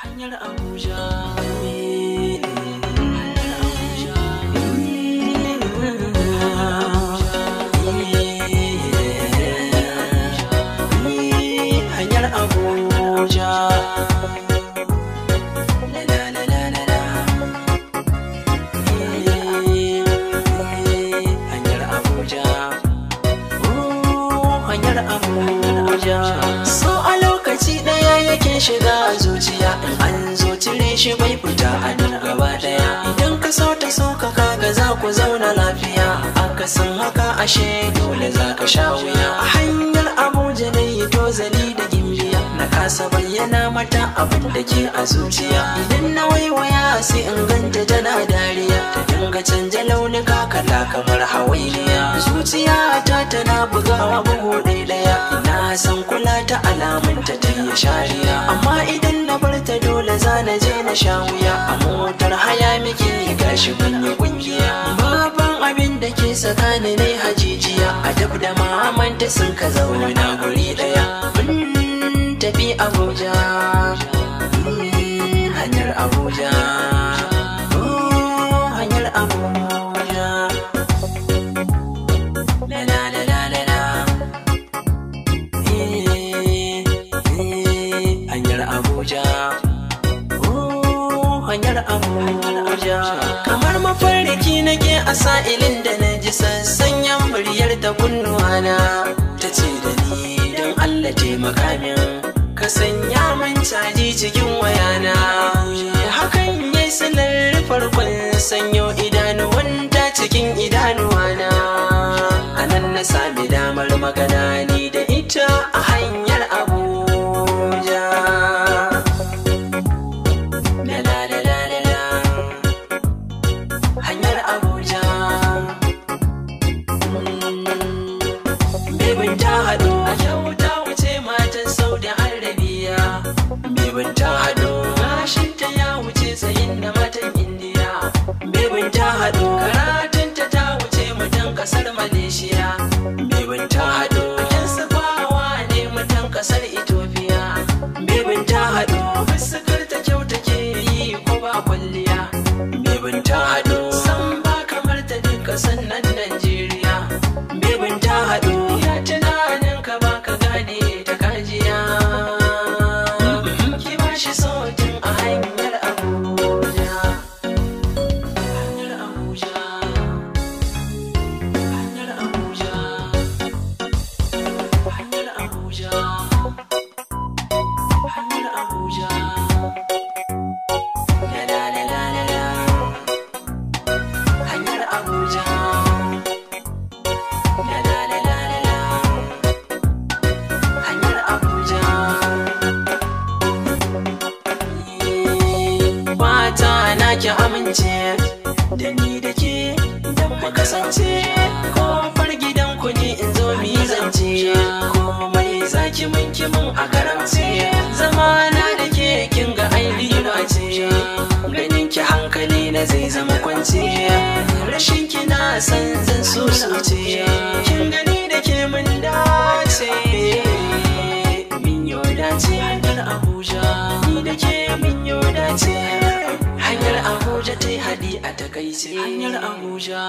hanyar Abuja. Hanyar Abuja. hanyar abuja kin shiga zuciya in an zo cire shi bai fita a nan gaba daya idan ka so ka kaga za ku zauna lafiya akasin haka ashe dole za ka sha wuya a hanyar abuja dai to zali da gimbiya na kasa bayyana mata abin da ke a zuciya idan na waiwaya sai in ganta tana dariya ta dinga canja launi ta alamun ta yi shariya amma idan na bar ta dole za na je na sha wuya a motar haya miki gashi shi yi kungiya baban abin da ke tsakani ne hajijiya a dab da mamanta sun ka zauna guri daya mun tafi abuja kamar mafarki nake a sa'ilin da na ji sassanyan muryar ta kunnuwana ta ce da ni don Allah taimaka min ka sanya min caji cikin wayana hakan ya sanar farkon sanyo idanuwan ta cikin idanuwana a nan na sami damar magana ne da ni da ke don mu kasance ko far gidan ku ne in zo mu yi zance ko mai zaki mun ki mun a karamce zamana da ke kin ga ainihi ce ganin ki hankali na zai zama kwance rashin ki na san zan so su ce kin gani da ke mun dace min yau dace har Abuja ni da ke min yau dace Sinyar Abuja.